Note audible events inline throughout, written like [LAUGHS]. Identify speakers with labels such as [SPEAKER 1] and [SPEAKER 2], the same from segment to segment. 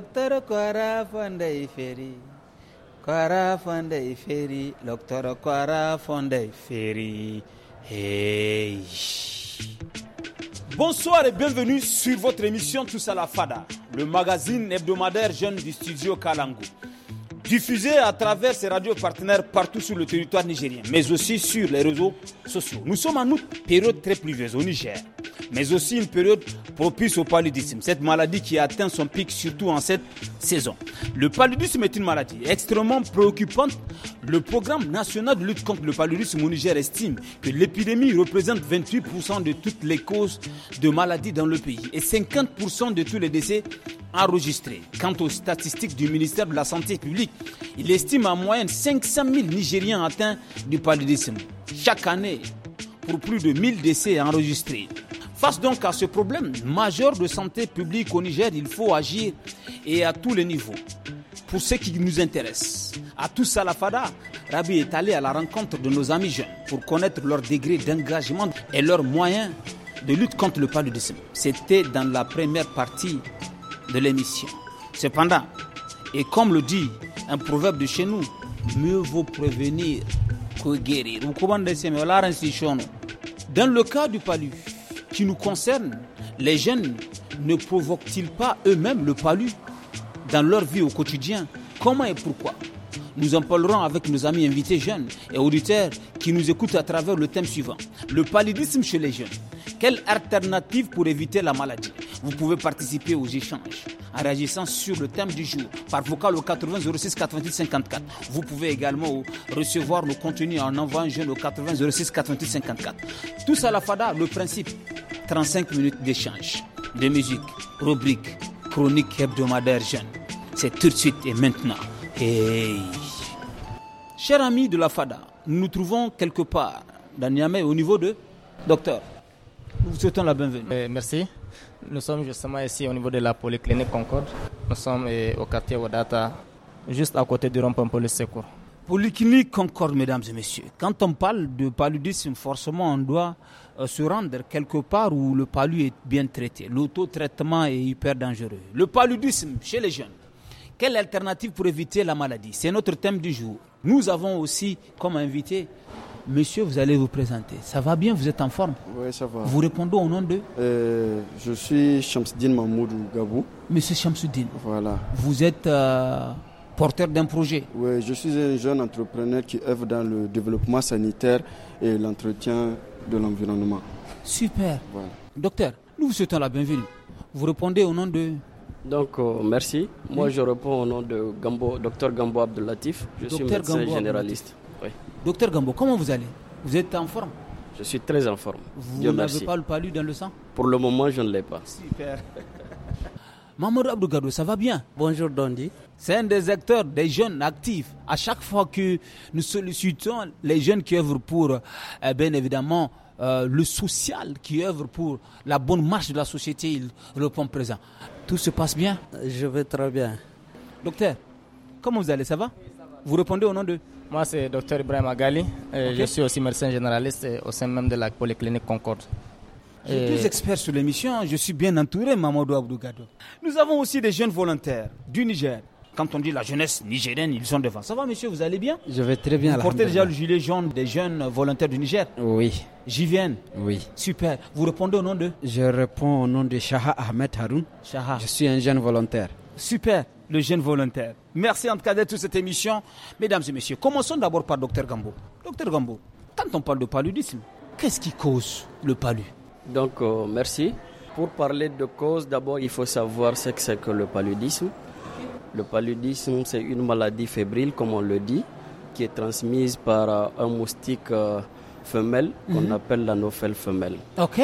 [SPEAKER 1] docteur Kwara Fondei Ferry. Kwara Fondei Docteur Kora Fondei Ferry. Hey. Bonsoir et bienvenue sur votre émission Tous à la Fada, le magazine hebdomadaire jeune du studio Kalango. Diffusé à travers ses radios partenaires partout sur le territoire nigérien, mais aussi sur les réseaux sociaux. Nous sommes en août, période très pluvieuse au Niger mais aussi une période propice au paludisme, cette maladie qui atteint son pic surtout en cette saison. Le paludisme est une maladie extrêmement préoccupante. Le programme national de lutte contre le paludisme au Niger estime que l'épidémie représente 28% de toutes les causes de maladies dans le pays et 50% de tous les décès enregistrés. Quant aux statistiques du ministère de la Santé publique, il estime en moyenne 500 000 Nigériens atteints du paludisme chaque année pour plus de 1000 décès enregistrés. Face donc à ce problème majeur de santé publique au Niger, il faut agir et à tous les niveaux. Pour ce qui nous intéresse, à tous à la FADA, Rabi est allé à la rencontre de nos amis jeunes pour connaître leur degré d'engagement et leurs moyens de lutte contre le paludisme. C'était dans la première partie de l'émission. Cependant, et comme le dit un proverbe de chez nous, mieux vaut prévenir que guérir. Dans le cas du paludisme, qui nous concerne, les jeunes, ne provoquent-ils pas eux-mêmes le palu dans leur vie au quotidien Comment et pourquoi Nous en parlerons avec nos amis invités jeunes et auditeurs qui nous écoutent à travers le thème suivant, le paludisme chez les jeunes. Quelle alternative pour éviter la maladie Vous pouvez participer aux échanges en réagissant sur le thème du jour par vocal au 80 06 88 54. Vous pouvez également recevoir le contenu en envoyant jeune au 80 06 88 54. Tous à la FADA, le principe 35 minutes d'échange, de musique, rubrique, chronique hebdomadaire jeune. C'est tout de suite et maintenant. Hey. Chers amis de la FADA, nous nous trouvons quelque part dans Niamey au niveau de
[SPEAKER 2] Docteur. Nous vous souhaitons la bienvenue. Eh, merci. Nous sommes justement ici au niveau de la polyclinique Concorde. Nous sommes eh, au quartier Wadata, juste à côté du rond police secours. Polyclinique Concorde, mesdames et messieurs. Quand on parle de paludisme, forcément, on
[SPEAKER 1] doit euh, se rendre quelque part où le palud est bien traité. L'auto-traitement est hyper dangereux. Le paludisme chez les jeunes. Quelle alternative pour éviter la maladie C'est notre thème du jour. Nous avons aussi comme invité Monsieur, vous allez vous présenter. Ça va bien Vous êtes en forme Oui, ça va. Vous
[SPEAKER 3] répondez au nom de euh, Je suis Shamsuddin Mahmoudou Gabou. Monsieur Shamsuddin. Voilà.
[SPEAKER 1] Vous êtes euh, porteur d'un projet Oui,
[SPEAKER 3] je suis un jeune entrepreneur qui œuvre dans le développement sanitaire et l'entretien
[SPEAKER 4] de
[SPEAKER 1] l'environnement. Super. Docteur, nous vous souhaitons la bienvenue. Vous répondez au nom
[SPEAKER 4] de... Donc, euh, merci. Moi, je réponds au nom de Gambo, docteur Gambo Abdelatif. Je suis médecin généraliste. Docteur Gambo, comment vous allez Vous êtes en forme Je suis très en forme. Vous n'avez pas
[SPEAKER 1] le palu dans le sang
[SPEAKER 4] Pour le moment, je ne l'ai pas.
[SPEAKER 1] Super. [LAUGHS] Mamadou Abdou ça va bien Bonjour, Dondi. C'est un des acteurs des jeunes actifs. À chaque fois que nous sollicitons les jeunes qui œuvrent pour, eh bien évidemment, euh, le social qui œuvre pour la bonne marche de la société, ils répondent présent. Tout se passe bien Je vais très bien.
[SPEAKER 2] Docteur, comment vous allez Ça va, Vous répondez au nom de Moi, c'est docteur Ibrahim Agali. Je suis aussi médecin généraliste au sein même de la Polyclinique Concorde. suis deux
[SPEAKER 1] experts sur l'émission. Je suis bien entouré, Mamadou Abdougado. Nous avons aussi des jeunes volontaires du Niger, quand on dit la jeunesse nigérienne, ils sont devant. Ça va, monsieur, vous allez bien Je vais très bien. Vous portez déjà le gilet jaune des jeunes volontaires du Niger Oui. J'y viens Oui. Super. Vous répondez au nom de Je réponds au nom de Shaha Ahmed Haroun. Shaha.
[SPEAKER 5] Je suis un jeune volontaire.
[SPEAKER 1] Super, le jeune volontaire. Merci en tout cas de toute cette émission. Mesdames et messieurs, commençons d'abord par Dr Gambo. Docteur Gambo, quand on parle de paludisme, qu'est-ce qui cause le paludisme
[SPEAKER 4] Donc, euh, merci. Pour parler de cause, d'abord, il faut savoir ce que c'est que le paludisme. Le paludisme, c'est une maladie fébrile, comme on le dit, qui est transmise par euh, un moustique euh, femelle qu'on mhm. appelle appelle l'anophèle femelle. Ok.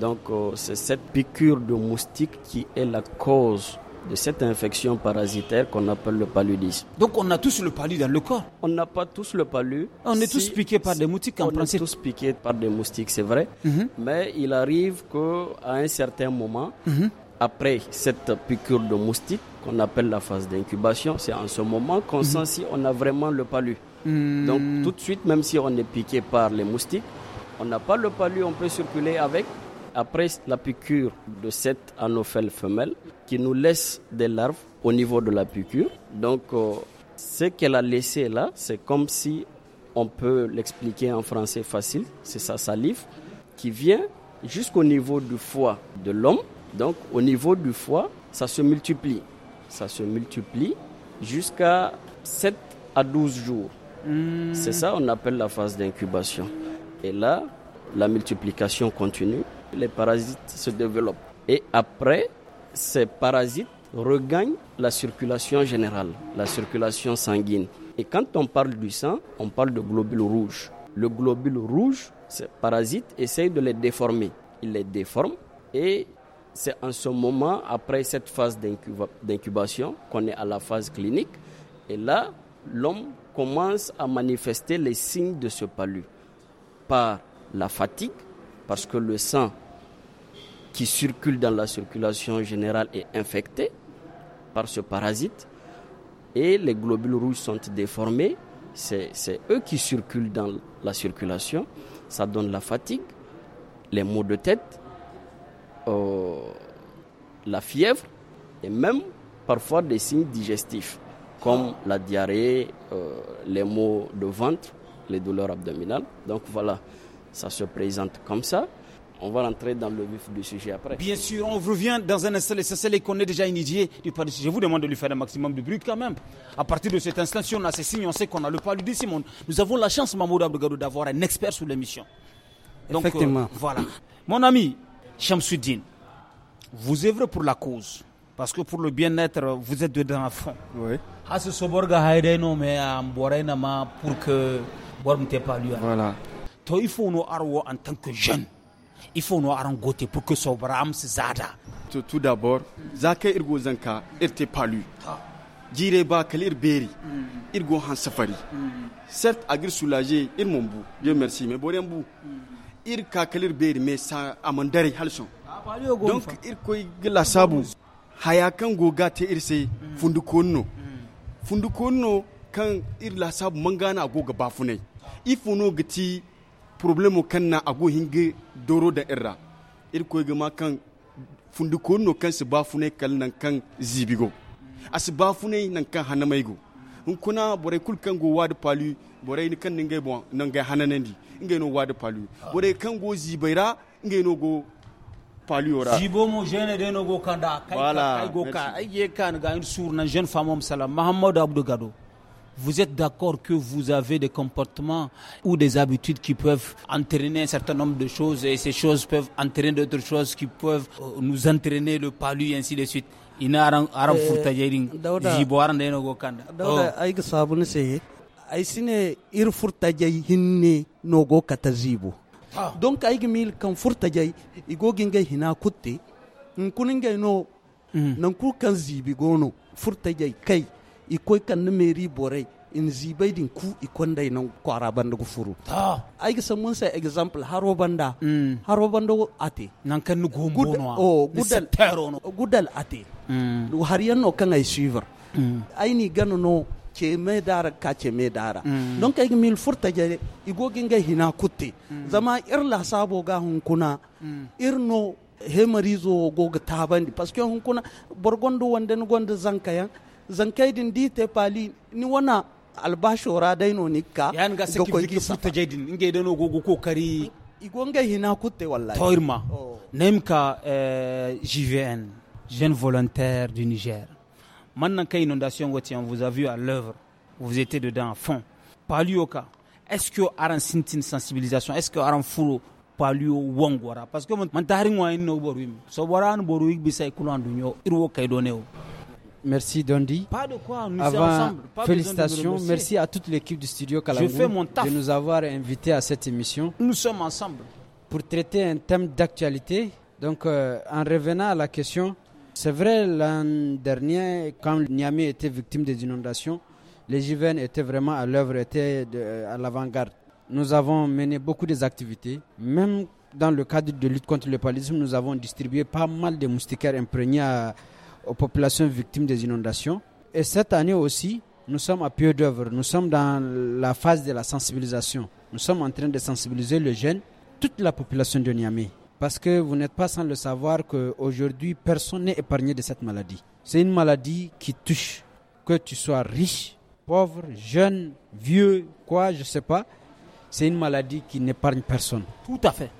[SPEAKER 4] Donc, euh, c'est cette piqûre de moustique qui est la cause de cette infection parasitaire qu'on appelle le paludisme. Donc on a tous le palu dans le corps On n'a pas tous le palu. On est tous piqués par des moustiques en principe. On est tous piqués par des moustiques, c'est vrai. Mhm. Mais il arrive qu'à un certain moment, mhm. après cette piqûre de moustique, qu'on appelle la phase d'incubation. C'est en ce moment qu'on mhm. sent si on a vraiment le palu.
[SPEAKER 5] Hmm. Donc tout
[SPEAKER 4] de suite, même si on est piqué par les moustiques, on n'a pas le palu, on peut circuler avec. Après la piqûre de cette anophèle femelle qui nous laisse des larves au niveau de la piqûre. Donc euh, ce qu'elle a laissé là, c'est comme si on peut l'expliquer en français facile, c'est sa salive qui vient jusqu'au niveau du foie de l'homme. Donc au niveau du foie, ça se multiplie ça se multiplie jusqu'à 7 à 12 jours. Hmm. C'est ça on appelle la phase d'incubation. Et là, la multiplication continue, les parasites se développent. Et après, ces parasites regagnent la circulation générale, la circulation sanguine. Et quand on parle du sang, on parle de globules rouges. Le globule rouge, ces parasites essayent de les déformer. Ils les déforment et c'est en ce moment, après cette phase d'incubation, qu'on est à la phase clinique. Et là, l'homme commence à manifester les signes de ce palu par la fatigue, parce que le sang qui circule dans la circulation générale est infecté par ce parasite et les globules rouges sont déformés. C'est eux qui circulent dans la circulation. Ça donne la fatigue, les maux de tête, euh, la fièvre et même parfois des signes digestifs comme la diarrhée, euh, les maux de ventre, les douleurs abdominales. Donc voilà, ça se présente comme ça. On va rentrer dans le vif du sujet après.
[SPEAKER 1] Bien sûr, on revient dans un instant. c'est et qu'on est déjà initié du paludisme. Je vous demande de lui faire un maximum de bruit quand même. À partir de cet instant, si on a ces signes, on sait qu'on a le paludisme. Nous avons la chance, Mamoud Abdelgadou, d'avoir un expert sur l'émission. Effectivement. Euh, voilà. Mon ami, Shamsuddin, vous œuvrez pour la cause. Parce que pour le bien-être, vous êtes dedans à fond. Oui. Ah, pour que ah. Voilà. To il faut nous arroser en tant que jeune. Il faut nous arranger pour que sobram se zada. Tout d'abord,
[SPEAKER 3] zaka irgo zanka irte palu. lui. ba kalir beri. Irgo han safari. Mm. Certes, agir soulager ir Dieu merci, mais bon bout. Mm. ir kalir beri me sa amandare halson donc ir koy gila sabu haya kan goga te ir sai fundu konno fundu konno kan ir la sabu mangana goga bafunai ifuno gati problemo kan na ago hinge doro da irra ir koy gama kan fundu konno kan su bafunai kalnan kan zibigo asu bafunai nan kan hanamaigo vous
[SPEAKER 1] êtes d'accord que vous avez des comportements ou des habitudes qui peuvent entraîner un certain nombre de choses et ces choses peuvent entraîner d'autres choses qui peuvent euh, nous entraîner le palu et ainsi de suite. ina aran aran eh, furta jerin jibo aran da go kanda dauda
[SPEAKER 6] oh. ay ga sabun se ay sine ir furta jai hinne no go kata zibo don ay ga mil kan furta jay igo ginga hina kutte in kuninga no mm. nan ku kan zibi gono furta jai kai ikoy kan ne meri borai in zibai din ku ikonda nan kwara banda gufuru ta ai san mun sai example haro banda mm. haro banda ate nan kan nu gombo no o oh, gudal no gudal ate mm. har no kan ai suivre mm. ai ni gano no ke me dara ka ke me dara don kai mil furta je igogin ga hina kutte zama la sabo ga hunkuna irno hemarizo goga tabandi parce que hunkuna borgondo wanda ni gonda zankaya zankai din dite pali ni wana albashora daino nikka yani ga saki fiki futta jaydin inge dano gogo ko kari igonge hina kutte wallahi toirma
[SPEAKER 1] oh. nemka euh, JVN jeune volontaire du Niger maintenant que inondation wati on vous a vu à l'œuvre vous étiez dedans à fond palioka est-ce que aran sintin sensibilisation est-ce que aran furo palio wongora parce que man tarin wa inno borwim so boran borwig bisay kulandu nyo irwo kaydo newo Merci Dondi. Pas de quoi, nous Avant, ensemble. félicitations. merci à
[SPEAKER 5] toute l'équipe du studio Calabria de nous avoir invités à cette émission.
[SPEAKER 1] Nous sommes ensemble.
[SPEAKER 5] Pour traiter un thème d'actualité, donc euh, en revenant à la question, c'est vrai l'an dernier, quand Niamey était victime des inondations, les JVN étaient vraiment à l'œuvre, étaient à l'avant-garde. Nous avons mené beaucoup des activités, même dans le cadre de lutte contre le palisme, nous avons distribué pas mal de moustiquaires imprégnés à, aux populations victimes des inondations. Et cette année aussi, nous sommes à pied d'œuvre. Nous sommes dans la phase de la sensibilisation. Nous sommes en train de sensibiliser le jeune, toute la population de Niamey. Parce que vous n'êtes pas sans le savoir qu'aujourd'hui, personne n'est épargné de cette maladie. C'est une maladie qui touche, que tu sois riche, pauvre, jeune, vieux, quoi, je ne sais pas. C'est une maladie qui n'épargne personne. Tout à fait.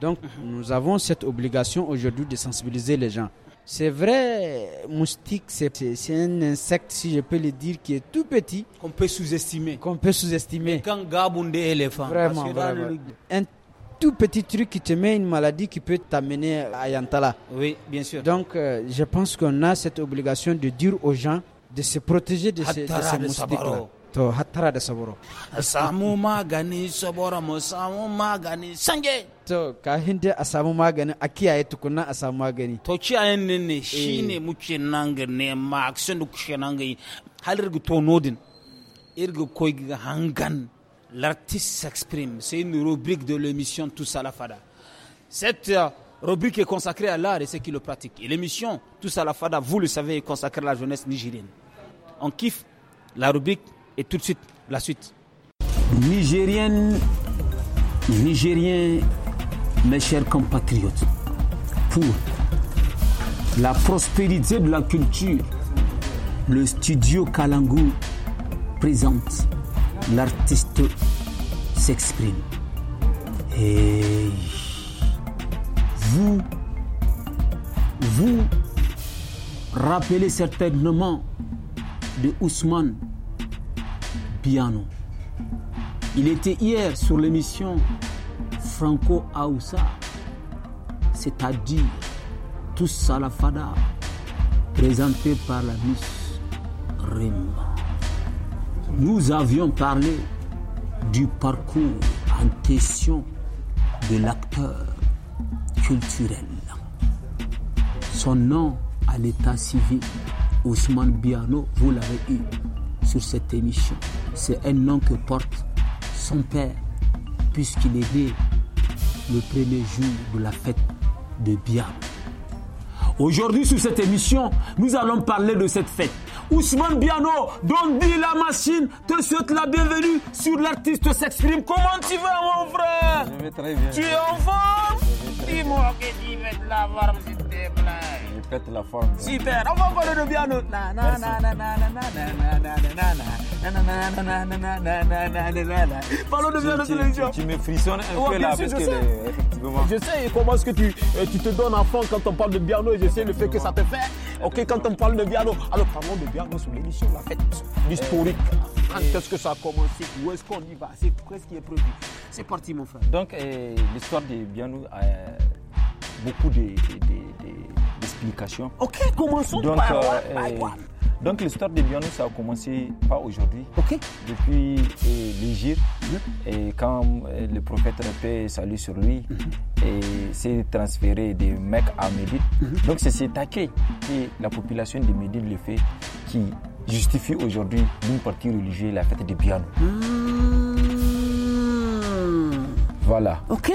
[SPEAKER 5] Donc, nous avons cette obligation aujourd'hui de sensibiliser les gens. C'est vrai, moustique, c'est un insecte, si je peux le dire, qui est tout petit. Qu'on peut sous-estimer.
[SPEAKER 1] Qu'on peut sous-estimer. Quand gabonde éléphant.
[SPEAKER 5] Un tout petit truc qui te met une maladie qui peut t'amener à Yantala. Oui, bien sûr. Donc, euh, je pense qu'on a cette obligation de dire aux gens de se protéger de ces, moustiques to hattara da saboro Asamu samu magani saboro mu samu magani sange to ka hinde a magani a kiyaye tukunan a magani
[SPEAKER 1] to kiyayen ne ne eh. shine muke nan ne ma action to nodin irga koy ga hangan l'artiste s'exprime c'est une rubrique de l'émission Tous à la Fada cette euh, rubrique est consacrée à l'art et ceux qui le pratiquent et l'émission Tous à la Fada vous le savez est consacrée à la jeunesse nigérienne on kiffe la rubrique et tout de suite, la suite. Nigérienne, Nigérien, mes chers compatriotes, pour la prospérité de la culture, le studio Kalangu présente l'artiste s'exprime. Et vous, vous rappelez certainement de Ousmane il était hier sur l'émission Franco Aoussa, c'est-à-dire Tous Salafada présenté par la Miss Rimba. Nous avions parlé du parcours en question de l'acteur culturel. Son nom à l'état civil, Ousmane Biano, vous l'avez eu sur cette émission c'est un nom que porte son père, puisqu'il est né le premier jour de la fête de Bia. Aujourd'hui, sur cette émission, nous allons parler de cette fête. Ousmane Biano, dit la machine, te souhaite la
[SPEAKER 7] bienvenue sur l'artiste s'exprime. Comment tu vas, mon frère Je vais très bien. Tu es en
[SPEAKER 1] forme
[SPEAKER 6] Dis-moi que tu vas de la
[SPEAKER 7] la forme. Super, on va parler Parlons de piano télévision. Tu me frissonnes un peu là parce que Je
[SPEAKER 1] sais comment est-ce que tu, tu te donnes fond quand on parle de Biano. et je sais le fait que ça te fait. Ok, quand on parle de Biano, alors parlons de Biano sur l'émission, la fête, l'historique. Quand est-ce que ça a commencé Où est-ce qu'on y va C'est quoi ce qui est prévu C'est parti, mon frère.
[SPEAKER 7] Donc, l'histoire de Bianou a beaucoup de, de, de explication. Ok, commençons donc, euh, eh, Donc l'histoire de Bianou ça a commencé pas aujourd'hui. Ok. Depuis euh, l'Égypte, mhm. et quand euh, le prophète de paix salut sur lui, mhm. et s'est transféré des mecs à Médine. Mhm. Donc c'est cet accueil que la population de Médine le fait qui justifie aujourd'hui d'une partie religieuse la fête de Bianou. Hmm. Voilà. Ok.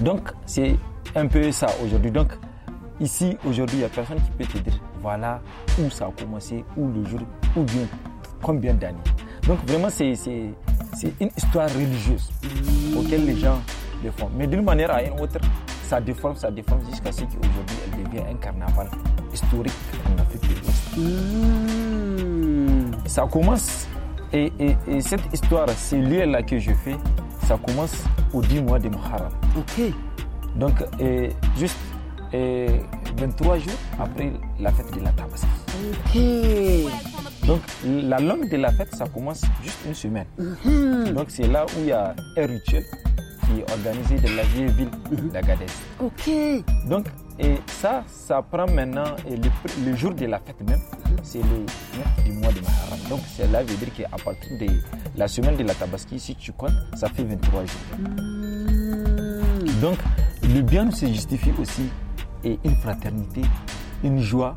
[SPEAKER 7] Donc c'est un peu ça aujourd'hui. Donc Ici, aujourd'hui, il n'y a personne qui peut te dire voilà où ça a commencé, où le jour, ou bien combien d'années. Donc vraiment, c'est une histoire religieuse auquel les gens le font. Mais d'une manière ou une autre, ça déforme, ça déforme jusqu'à ce qu'aujourd'hui, elle devient un carnaval historique en Afrique du l'Ouest. Hmm. Ça commence, et, cette histoire, c'est lieu-là que je fais, ça commence au 10 mois de Muharram. Ok. Donc, juste et 23 jours après la fête de la
[SPEAKER 6] Tabaski.
[SPEAKER 7] Donc la langue de la fête, ça commence juste une semaine. Mhm. Donc c'est là où il y a un rituel qui est organisé de la vieille ville mhm. d'Agadez. Ok. Donc et ça, ça prend maintenant et le, jour de la fête même, mhm. c'est le 9 du mois de Maharam. Donc c'est là veut dire qu'à partir de la semaine de la Tabaski, si tu comptes, ça fait 23 jours. Donc le bien se justifie aussi et une fraternité, une joie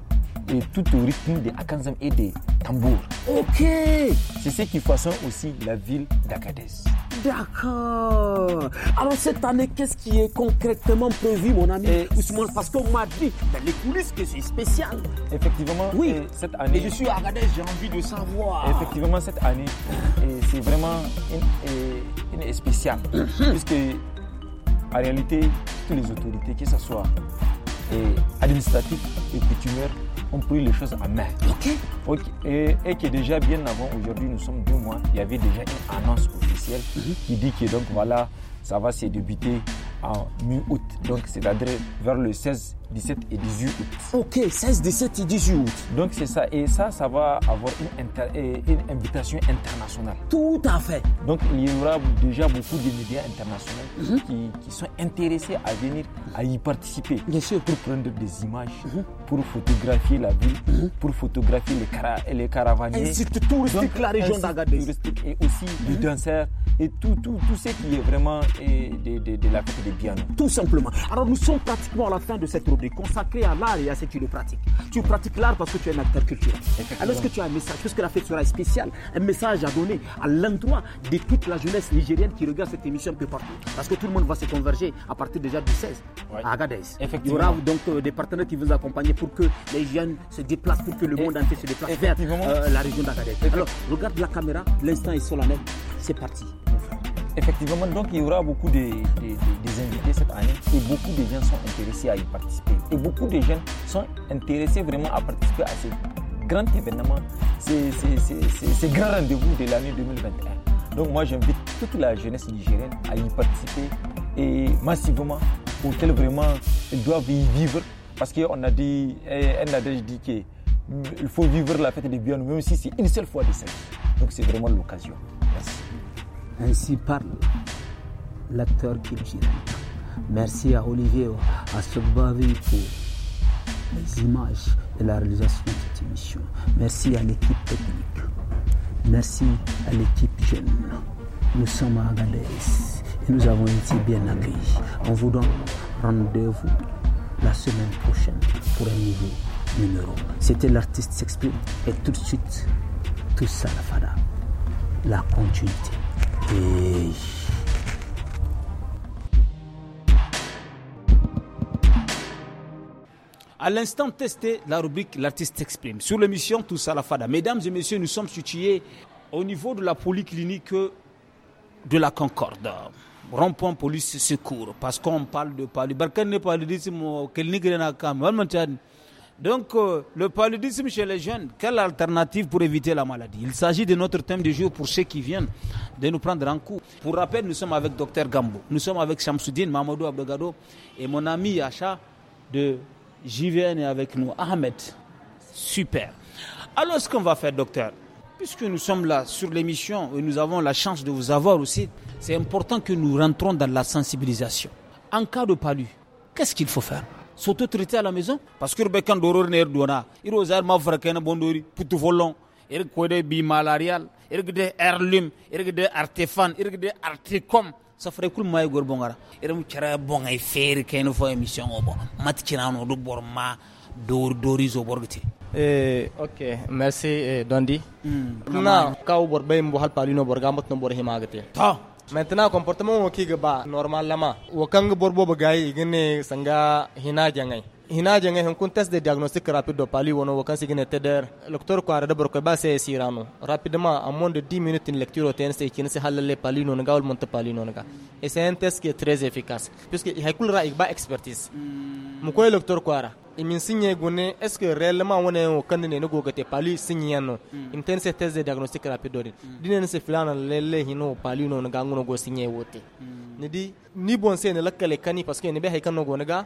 [SPEAKER 7] et tout au rythme des Akanzam et des tambours. Ok C'est ce qui façonne aussi la ville d'Agadez.
[SPEAKER 1] D'accord Alors cette année, qu'est-ce qui est concrètement
[SPEAKER 7] prévu, mon ami Ousmane Parce qu'on m'a dit dans les coulisses que c'est spécial. Effectivement, oui. cette année... Et je suis à Agadez, j'ai envie de savoir. Effectivement, cette année, c'est vraiment une, une spéciale. Mhm. puisque, en réalité, toutes les autorités, que ce soit et administratifs et coutumeurs ont pris les choses en main. Ok. Et, que déjà bien avant, aujourd'hui nous sommes deux mois, il y avait déjà une annonce officielle mhm. qui dit que donc voilà, ça va se débuter en mi-août. Donc cest à vers le 16 17 et 18 août. Ok, 16, 17 et 18 août. Donc c'est ça. Et ça, ça va avoir une, invitation internationale. Tout à fait. Donc il y aura déjà beaucoup de médias internationaux mhm. qui, sont intéressés à venir, à y participer. Bien sûr. Pour prendre des images, mhm. pour photographier la ville, mhm. pour photographier les, et les caravaniers. Les la région d'Agadez. Et aussi les danseurs et tout, tout, tout, ce qui est vraiment de, de la culture de Tout simplement. Alors nous sommes pratiquement à la fin de cette de consacrer à l'art et à ce que tu le pratiques. Tu pratiques l'art parce
[SPEAKER 1] que tu es un acteur Alors est-ce que tu as un message que la fête sera spéciale, un message à donner à l'endroit de toute la jeunesse nigérienne qui regarde cette émission un peu partout. Parce que tout le monde va se converger à partir déjà du 16 à Agadez. Il y aura donc euh, des partenaires qui vont accompagner pour que les jeunes se déplacent, pour que le monde entier se déplace vers euh, la région d'Agadez. Alors regarde la caméra, l'instant est solennel.
[SPEAKER 7] C'est parti. Effectivement, donc il y aura beaucoup des des cette année et beaucoup de jeunes sont intéressés à y participer. Et beaucoup de jeunes sont intéressés vraiment à participer à ce grand événement, ces, grand rendez-vous de l'année 2021. Donc moi j'invite toute la jeunesse nigérienne à y participer et massivement pour qu'elle vraiment ils doivent y vivre parce qu'on a dit, eh, un adage dit qu'il mm, faut vivre la fête de Bion même si c'est une seule fois de cette Donc c'est vraiment l'occasion. Ainsi parle l'acteur culturel.
[SPEAKER 1] Merci à Olivier, à bavé pour les images de la réalisation de cette émission. Merci à l'équipe technique. Merci à l'équipe jeune. Nous sommes à Agadez et nous avons été bien accueillis. On vous donne rendez-vous la semaine prochaine pour un nouveau numéro. C'était l'artiste s'exprime et tout de suite, tout ça la fada. La continuité.
[SPEAKER 4] Et...
[SPEAKER 1] à l'instant testé la rubrique L'artiste exprime. Sur l'émission Tout à la Fada. Mesdames et messieurs, nous sommes situés au niveau de la polyclinique de la Concorde. Rompons police secours parce qu'on parle de paludisme. Donc, euh, le paludisme chez les jeunes, quelle alternative pour éviter la maladie Il s'agit de notre thème du jour pour ceux qui viennent de nous prendre en coup. Pour rappel, nous sommes avec Dr Gambo, nous sommes avec Shamsoudine Mamadou Abdogado et mon ami Acha de JVN est avec nous, Ahmed. Super. Alors, ce qu'on va faire, docteur, puisque nous sommes là sur l'émission et nous avons la chance de vous avoir aussi, c'est important que nous rentrons dans la sensibilisation. En cas de palu, qu'est-ce qu'il faut faire S'auto-traiter à la maison Parce que le d'horreur n'est pas Il y a des bondori, poutou volon, il y a des bimalariales, il y a des airlum, il y a des il y a des safre kul may gor bongara iram cara bongay fer ken fo emission obo mat cirano do bor ma dor dorizo borgti
[SPEAKER 2] Eh, ok merci eh, dondi mm. na kaw bor bay mbo hal palino bor gamot no bor himagate ta maintenant comportement o kiga ba normal lama wo kang bor bo bagay igene sanga hina jangai hina jenge hen kun test de diagnostic rapide pali wono wakan kan sigine teder docteur ko arade bor ko ba se sirano rapidement en moins de 10 minutes une lecture au TNC qui ne se halle pali non gaul monte pali non ga et c'est un test qui est très efficace puisque il hakul ra ba expertise mu hmm. koy docteur ko ara imin signe gune est-ce que réellement wona en kan ne no gogate pali signe yano hmm. im test de diagnostic rapide din hmm. dinen se filana lele hino pali non ga ngono go signe wote ni di ni bon se ne lakkale kani parce que ne be hay kan no go ga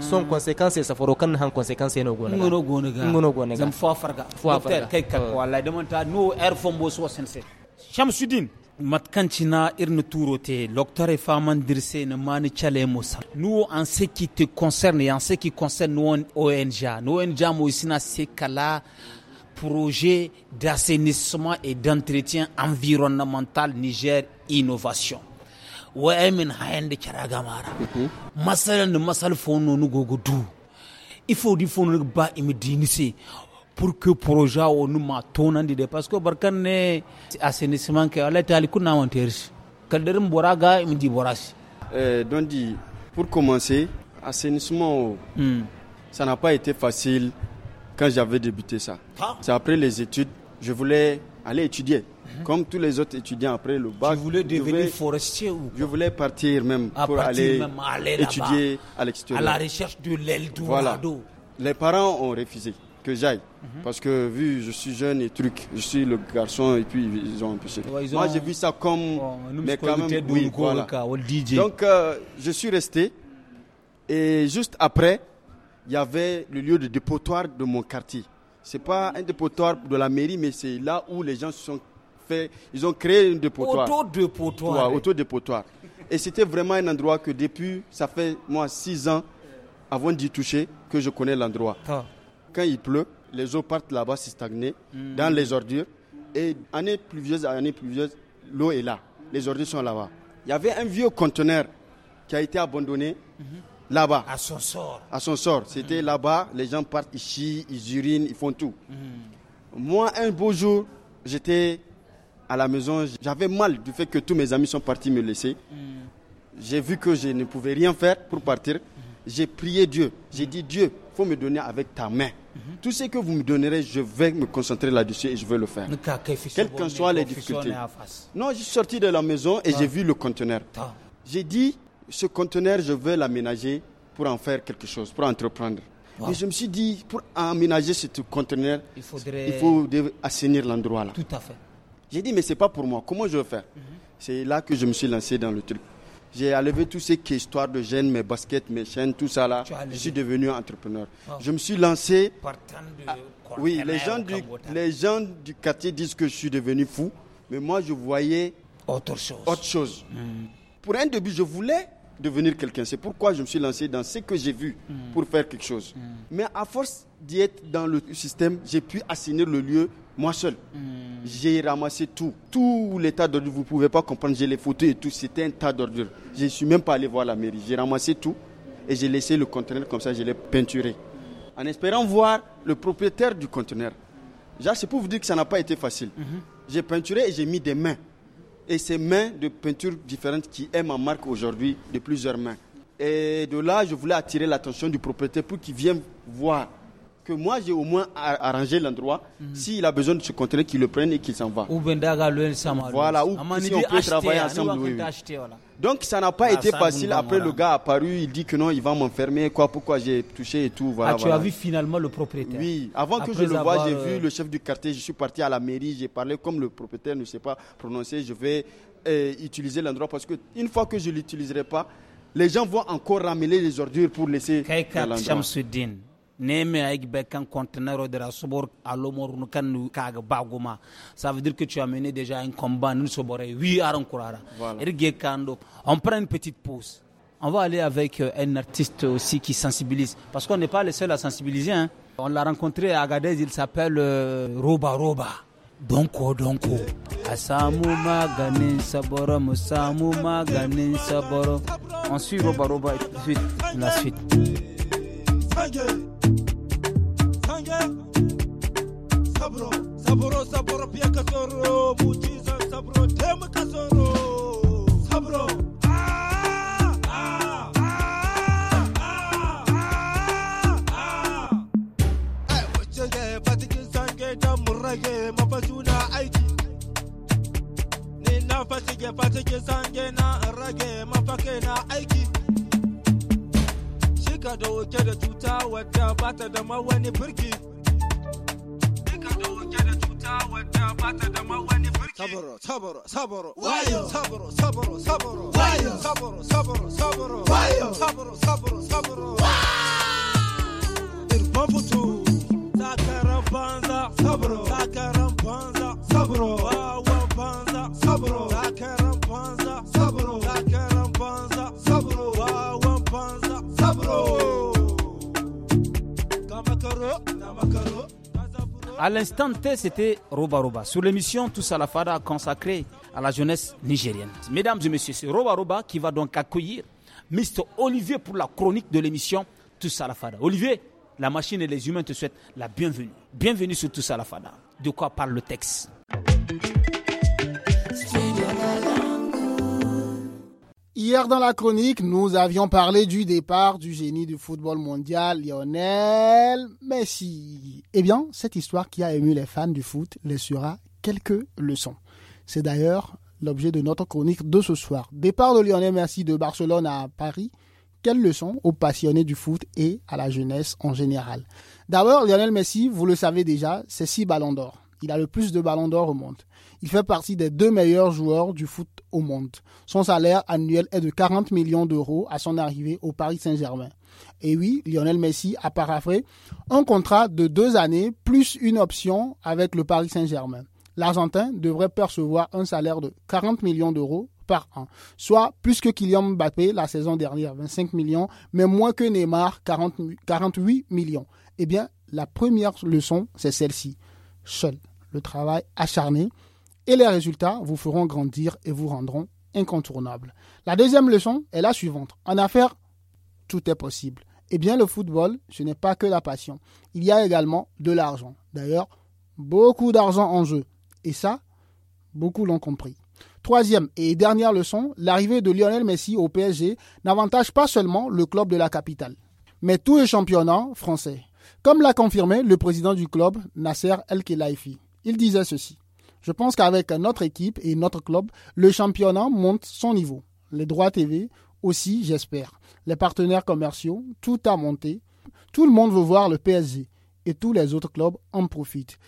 [SPEAKER 2] son conséquence safaro kan han conséquence no gona ngono gona ga ngono gona ga zam fo farga fo farga kai ka
[SPEAKER 1] wallahi manta no air fombo so sense shamsuddin matkancina irni irne te loktare e faman dirse ne mani chale musa nous en ce qui te concerne et en ce qui concerne nous ONG nous ONG mo sina se kala projet d'assainissement et d'entretien environnemental Niger Innovation wa hayan da kira gamara masalan masal fono no gogo du ifo di fono ba imi dinise pour que projet o nu ma tonan de parce que barkan ne assainissement ke ala tali kuna wanters kadarin boraga imi di borasi
[SPEAKER 3] euh dondi pour commencer assainissement hmm. ça n'a pas été facile quand j'avais débuté ça. C'est après les études, je voulais aller étudier. Comme tous les autres étudiants après le bac. Je voulais devenir forestier ou Je voulais partir même pour aller, étudier à l'extérieur. À la recherche
[SPEAKER 1] de l'Eldorado. Voilà.
[SPEAKER 3] Les parents ont refusé que j'aille. Parce que vu je suis jeune et truc, je suis le garçon et puis ils ont empêché. Moi j'ai vu ça comme... Oh, mais quand même, Donc euh, je suis resté et juste après, il y avait le lieu de dépotoir de mon quartier. C'est pas un dépotoir de la mairie, mais c'est là où les gens se sont ils ont créé une dépotoir. de potoir. Et c'était vraiment un endroit que depuis, ça fait moi six ans avant d'y toucher que je connais l'endroit. Quand il pleut, les eaux partent là-bas c'est stagner hmm. dans les ordures. Et année pluvieuse à année pluvieuse, l'eau est là. Les ordures sont là-bas. Il y avait un vieux conteneur qui a été abandonné hmm. là-bas. À son sort. À son sort. C'était hmm. là-bas. Les gens partent, ici, ils urinent, ils font tout. Moi, un beau jour, j'étais à la maison, j'avais mal du fait que tous mes amis sont partis me laisser. Mm. J'ai vu que je ne pouvais rien faire pour partir. Mm. J'ai prié Dieu. J'ai mm. dit Dieu, faut me donner avec ta main. Mm-hmm. Tout ce que vous me donnerez, je vais me concentrer là-dessus et je vais le faire.
[SPEAKER 1] Quelles qu'en soient les difficultés.
[SPEAKER 3] Non, je suis sorti de la maison et ah. j'ai vu le conteneur. Ah. J'ai dit, ce conteneur, je vais l'aménager pour en faire quelque chose, pour entreprendre. et je me suis dit, pour aménager ce conteneur,
[SPEAKER 1] il, faudrait... il faut
[SPEAKER 3] assainir l'endroit là. Tout à fait. J'ai dit, mais c'est pas pour moi. Comment je vais faire mhm. C'est là que je me suis lancé dans le truc. J'ai enlevé tous ces histoires de gêne, mes baskets, mes chaînes, tout ça là. Je suis devenu entrepreneur. Ah. Je me suis lancé.
[SPEAKER 5] oui, les gens, du, les
[SPEAKER 3] gens du quartier disent que je suis devenu fou, mais moi je voyais autre chose. Autre chose. Mm. Pour un début, je voulais devenir quelqu'un. C'est pourquoi je me suis lancé dans ce que j'ai vu mm. pour faire quelque chose. Mm. Mais à force d'y être dans le système, j'ai pu assigner le lieu moi seul. Hmm. J'ai ramassé tout, tout les tas d'ordures. Vous ne pouvez pas comprendre, j'ai les photos et tout. C'était un tas d'ordures. Je ne suis même pas allé voir la mairie. J'ai ramassé tout et j'ai laissé le conteneur comme ça, je l'ai peinturé. En espérant voir le propriétaire du conteneur. C'est pour vous dire que ça n'a pas été facile. Mhm. J'ai peinturé et j'ai mis des mains. Et ces mains de peinture différentes qui est ma marque aujourd'hui de plusieurs mains. Et de là, je voulais attirer l'attention du propriétaire pour qu'il vienne voir que moi j'ai au moins arrangé l'endroit. Mhm. S'il a besoin de se conteneur, qu'il le prenne et qu'il s'en va.
[SPEAKER 1] Voilà, ou si on peut travailler hein, ensemble.
[SPEAKER 3] Donc ça n'a pas ah, été facile. Après le gars apparu, il dit que non, il va m'enfermer, quoi, pourquoi j'ai touché et tout. Voilà, ah, tu as vu finalement
[SPEAKER 1] le propriétaire. Oui, avant que je le vois, j'ai euh, vu
[SPEAKER 3] le chef du quartier. Je suis parti à la mairie, j'ai parlé comme le propriétaire ne sait pas prononcer. Je vais euh, utiliser l'endroit parce que une fois que je l'utiliserai pas, les gens vont encore ramener les ordures pour laisser
[SPEAKER 1] neme aik bekan conteneur de la sobor à l'omor nu kan kaga baguma ça veut dire que tu as mené déjà un combat nous sobore oui aron kurara voilà. on prend une petite pause on va aller avec euh, un artiste aussi qui sensibilise parce qu'on n'est pas les seuls à sensibiliser hein. on l'a rencontré à Agadez il s'appelle euh, Roba Roba donko donko a maganin saboro mu saboro on suit Roba Roba et tout de suite la suite
[SPEAKER 7] sabro biya ka tsoro mujizan sabro taimaka tsoro sabro rage mafa juna aiki ni na rage mafa na aiki shika da wuke da bata da birki صبروا صبروا صبروا وايو صبروا صبروا صبروا وايو صبروا صبروا صبروا وايو صبروا صبروا صبروا اربطوا تاكرم بانزا صبروا تاكرم بانزا صبروا
[SPEAKER 1] À l'instant T, c'était Roba Roba sur l'émission Tous à la Fada consacrée à la jeunesse nigérienne. Mesdames et messieurs, c'est Roba qui va donc accueillir Mr. Olivier pour la chronique de l'émission Tous Fada. Olivier, la machine et les humains te souhaitent la bienvenue. Bienvenue sur Tous à la Fada. De quoi parle le texte
[SPEAKER 8] Hier dans la chronique, nous avions parlé du départ du génie du football mondial Lionel Messi. Eh bien, cette histoire qui a ému les fans du foot laissera quelques leçons. C'est d'ailleurs l'objet de notre chronique de ce soir. Départ de Lionel Messi de Barcelone à Paris. Quelles leçons aux passionnés du foot et à la jeunesse en général D'abord, Lionel Messi, vous le savez déjà, c'est six ballons d'or. Il a le plus de ballons d'or au monde. Il fait partie des deux meilleurs joueurs du foot au monde. Son salaire annuel est de 40 millions d'euros à son arrivée au Paris Saint-Germain. Et oui, Lionel Messi a paraphré un contrat de deux années plus une option avec le Paris Saint-Germain. L'Argentin devrait percevoir un salaire de 40 millions d'euros par an, soit plus que Kylian Mbappé la saison dernière, 25 millions, mais moins que Neymar, 48 millions. Eh bien, la première leçon, c'est celle-ci. Seul le travail acharné, et les résultats vous feront grandir et vous rendront incontournable. La deuxième leçon est la suivante. En affaires, tout est possible. Eh bien, le football, ce n'est pas que la passion. Il y a également de l'argent. D'ailleurs, beaucoup d'argent en jeu. Et ça, beaucoup l'ont compris. Troisième et dernière leçon, l'arrivée de Lionel Messi au PSG n'avantage pas seulement le club de la capitale, mais tous les championnats français. Comme l'a confirmé le président du club, Nasser El Khelaifi. Il disait ceci. Je pense qu'avec notre équipe et notre club, le championnat monte son niveau. Les droits TV aussi, j'espère. Les partenaires commerciaux, tout a monté. Tout le monde veut voir le PSG et tous les autres clubs en profitent.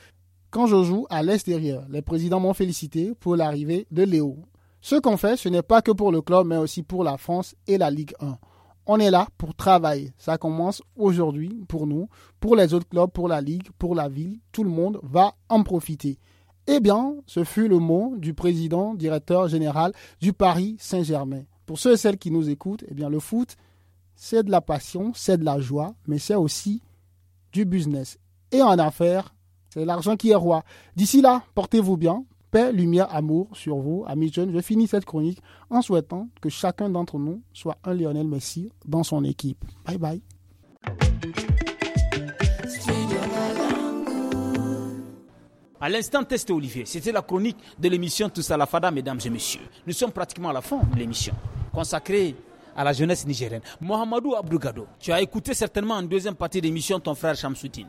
[SPEAKER 8] Quand je joue à l'extérieur, les présidents m'ont félicité pour l'arrivée de Léo. Ce qu'on fait, ce n'est pas que pour le club, mais aussi pour la France et la Ligue 1. On est là pour travailler. Ça commence aujourd'hui pour nous, pour les autres clubs, pour la Ligue, pour la ville. Tout le monde va en profiter. Eh bien, ce fut le mot du président, directeur général du Paris Saint-Germain. Pour ceux et celles qui nous écoutent, eh bien, le foot, c'est de la passion, c'est de la joie, mais c'est aussi du business. Et en affaires, c'est l'argent qui est roi. D'ici là, portez-vous bien. Paix, lumière, amour sur vous, amis jeunes. Je finis cette chronique en souhaitant que chacun d'entre nous soit un Lionel Messi dans son équipe. Bye bye.
[SPEAKER 1] À l'instant, testé Olivier. C'était la chronique de l'émission Tous à la Fada, mesdames et messieurs. Nous sommes pratiquement à la fin de l'émission, consacrée à la jeunesse nigérienne. Mohamedou Abdougado, tu as écouté certainement en deuxième partie de l'émission ton frère Shamsoutine.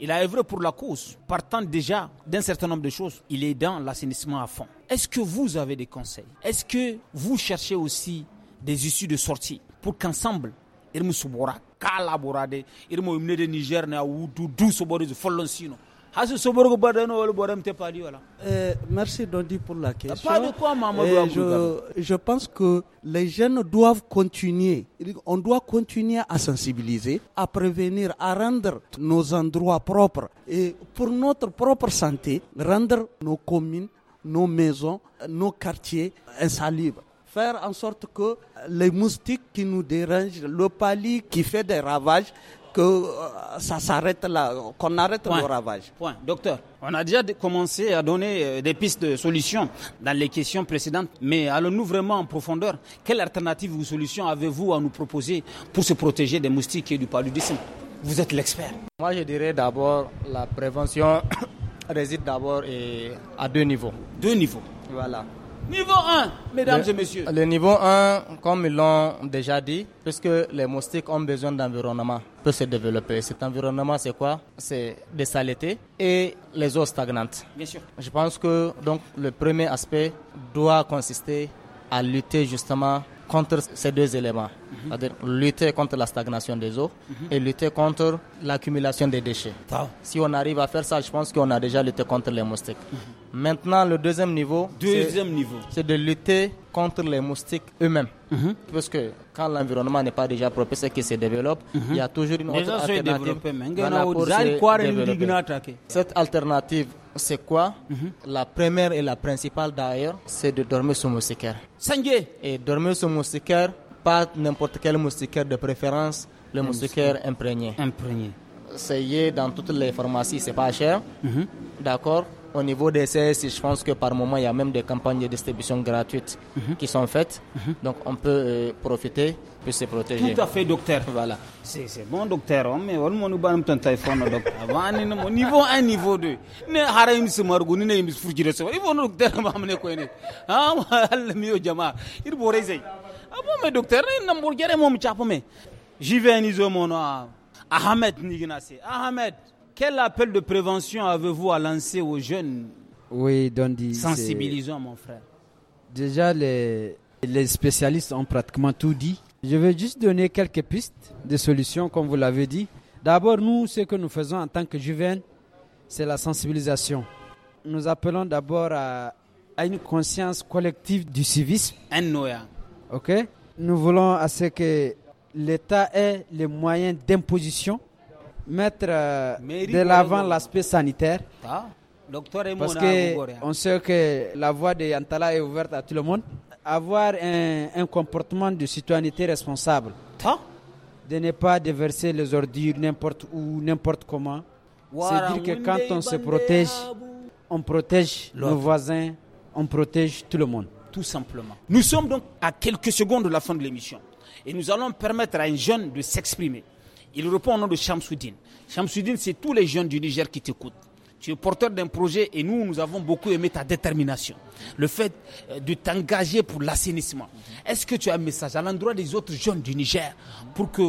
[SPEAKER 1] Il a œuvré pour la cause, partant déjà d'un certain nombre de choses. Il est dans l'assainissement à fond. Est-ce que vous avez des conseils Est-ce que vous cherchez aussi des issues de sortie pour qu'ensemble, Irmoussouboura, emmené Irmou Niger, Naoudou, de Follonsino, eh,
[SPEAKER 6] merci Dondi pour la question. Eh, je, pense que les jeunes doivent continuer. On doit continuer à sensibiliser, à prévenir, à rendre nos endroits propres et pour notre propre santé, rendre nos communes, nos maisons, nos quartiers insalubres faire en sorte que les moustiques qui nous dérangent, le pali qui fait des ravages, que euh, ça s'arrête là, qu'on arrête le ravage. Point. Docteur, on a déjà commencé à donner
[SPEAKER 1] euh, des pistes de solutions dans les questions précédentes, mais allons-nous vraiment en profondeur Quelle alternative ou solution avez-vous à nous proposer pour se protéger des moustiques et du paludisme Vous
[SPEAKER 2] êtes l'expert. Moi, je dirais d'abord la prévention [COUGHS] réside d'abord à deux niveaux. Deux niveaux. Voilà. Niveau 1, mesdames et messieurs. Le niveau 1, comme ils l'ont déjà dit, puisque les moustiques ont besoin d'environnement pour se développer. Cet environnement, c'est quoi C'est des saletés et les eaux stagnantes. Bien sûr. Je pense que donc le premier aspect doit consister à lutter justement contre ces deux éléments, mhm. c'est-à-dire lutter contre la stagnation des eaux mhm. et lutter contre l'accumulation des déchets. Si on arrive à faire ça, je pense qu'on a déjà lutté contre les moustiques. Mhm. Maintenant, le deuxième niveau, deuxième niveau, c'est de lutter contre les moustiques eux-mêmes, parce que quand l'environnement n'est pas déjà propice et qu'il se développe, il y a toujours une autre alternative. Cette alternative c'est quoi mhm. La première et la principale d'ailleurs, c'est de dormir sous moustiquaire. Sangue Et dormir sous moustiquaire, pas n'importe quel moustiquaire de préférence, le moustiquaire imprégné. Imprégné. C'est dans toutes les pharmacies, c'est pas cher. Mhm. D'accord au niveau des CS, je pense que par moment, il y a même des campagnes de distribution gratuites mhm. qui sont faites. Donc, on peut euh, profiter peut se protéger. Tout à fait, docteur. Voilà. C'est bon, docteur. Mais on
[SPEAKER 1] m'a dit que téléphone, docteur. [LAUGHS] Niveau 1, niveau 2. Ne haraim se ni ne imis fujire se. Il faut docteur m'a ne quoi ne. Ah, [LAUGHS] Allah mio jama. Il bore zay. Ah bon, mais docteur, ne n'a bourgère mon chapo mais. J'y vais en mon mon ah. Ahmed Niginase. Ahmed, quel appel de prévention avez-vous à lancer aux jeunes Oui,
[SPEAKER 5] Dondi. Sensibilisons, mon frère. Déjà, les, les spécialistes ont pratiquement tout dit. Je vais juste donner quelques pistes de solutions, comme vous l'avez dit. D'abord, nous, ce que nous faisons en tant que juvén, c'est la sensibilisation. Nous appelons d'abord à, une conscience collective du civisme. Ok. Nous voulons à ce que l'État ait les moyens d'imposition, mettre euh, de l'avant l'aspect sanitaire.
[SPEAKER 1] Ah, Parce qu'on
[SPEAKER 5] sait que la voie de Yantala est ouverte à tout le monde avoir un, un comportement de citoyenneté responsable. Hein? De ne pas déverser les ordures n'importe où, n'importe comment. C'est dire que quand on se protège, ah, on protège nos voisins, on protège tout le monde.
[SPEAKER 1] Tout simplement. Nous sommes donc à quelques secondes de la fin de l'émission et nous allons permettre à un jeune de s'exprimer. Il répond au nom de Shamsoudine. Shamsoudine, c'est tous les jeunes du Niger qui t'écoutent tu es porteur d'un projet et nous, nous avons beaucoup aimé ta détermination. Le fait euh, de t'engager pour l'assainissement. Est-ce que tu as un message à l'endroit des autres jeunes du Niger pour que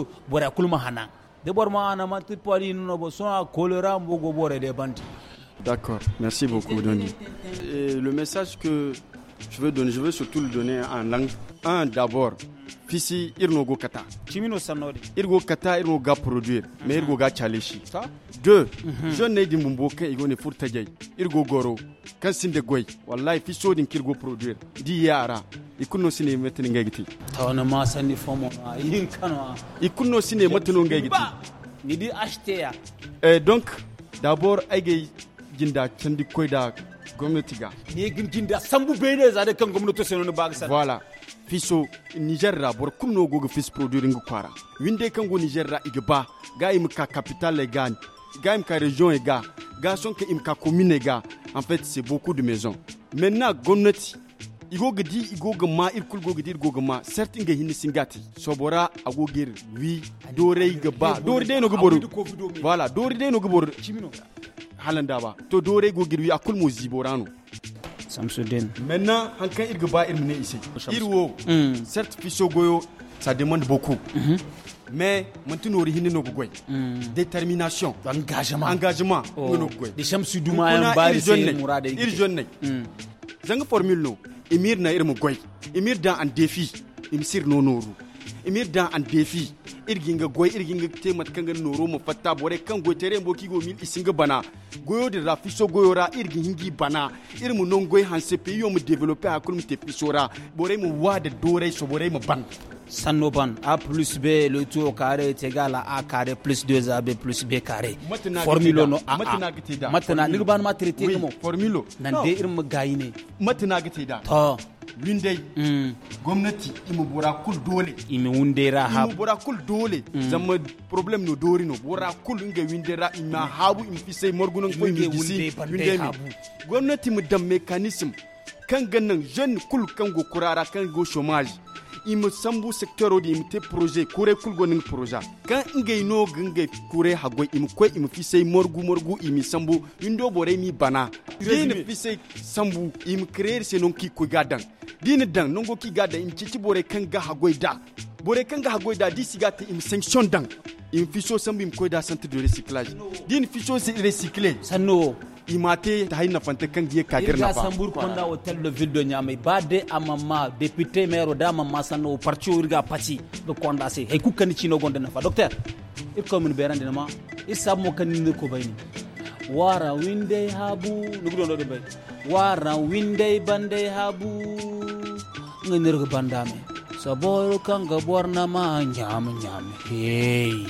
[SPEAKER 1] D'accord, merci beaucoup, Denis.
[SPEAKER 3] le message que je veux donner je veux surtout le donner en langue un d'abord pisi irno kata chimino sanori irgo kata irgo ga produire mais irgo ah. ga chaleshi deux mhm. je ne di mumboke, ke igo ne furta jay irgo goro kirgo produire di yara ngegiti fomo sine ngegiti acheter hein. donc d'abord jinda gwamnati ga ne gimkin sambu bene za da kan gwamnati sai ba ga wala fiso niger ra bor kumno gogo fis produire ngu winde kan go niger ra igba ga im ka capitale e ga im ka region e ga ga son ke im ka commune e ga en fait c'est beaucoup de maisons maintenant gwamnati igoga di igoga ma irkul goga di goga ma certain ga singati sobora agoger wi dore ga ba dore no gboru voilà dore no gboru halanda ba to dore gogir wi akul mo ziborano
[SPEAKER 1] samsudin
[SPEAKER 3] maintenant ir ba ise irwo hmm. goyo ça demande beaucoup mhm. mais hmm. détermination engagement engagement oh. Nous no goy de hmm. formule emir na irmo goy emir da an defi emir no noru emir da an defi irginga gwai irginga te kan noro mu fatta bore kan go tere mbo go mil isinga bana goyo de rafiso goyora. irgi hingi bana irmu non goy hanse pe yo mu developer akulum te pisora bore mu wade dore so bore mu ban
[SPEAKER 1] Sanoban A plus B le tout au carré est égal à A carré plus 2AB plus B carré. Formule no A. Maintenant, ni ban ma traiter comme formule. Nan de irin
[SPEAKER 3] magayine. Maintenant gite da. To. Min dai gwamnati imu bora kul dole. Imu wundera ha. Imu bora kul dole. Zama problem no dori no bora kul inga windera ima habu im fi sai morgunan ko inga wunde wunde habu. Gwamnati mu da mechanism kan ganin jeune kul kan go kurara kan go chômage. ima sambu secteur odi projet kure kulgo un projet kan no kure hago morgu morgu imi sambu indo bore mi bana projet fisay sambu se non ki gadan dina dan nongo ki im cici bore kan ga da bore kan ga da im sanction im fiso sambu im ko da centre de recyclage fiso se recycler sanno imate ta fante fanta kan giye kagir na fa sambur konda hotel
[SPEAKER 1] le ville de nyame bade amama député maire da amama sanno parti urga pati do konda se hay kukkan ci no gonda na fa docteur ir ko min berande ma ir sabmo kan ni ko bayni wara winde habu nugudo do bay wara winde bande habu ngenir ko bandame sabor kan ga borna ma nyam nyam hey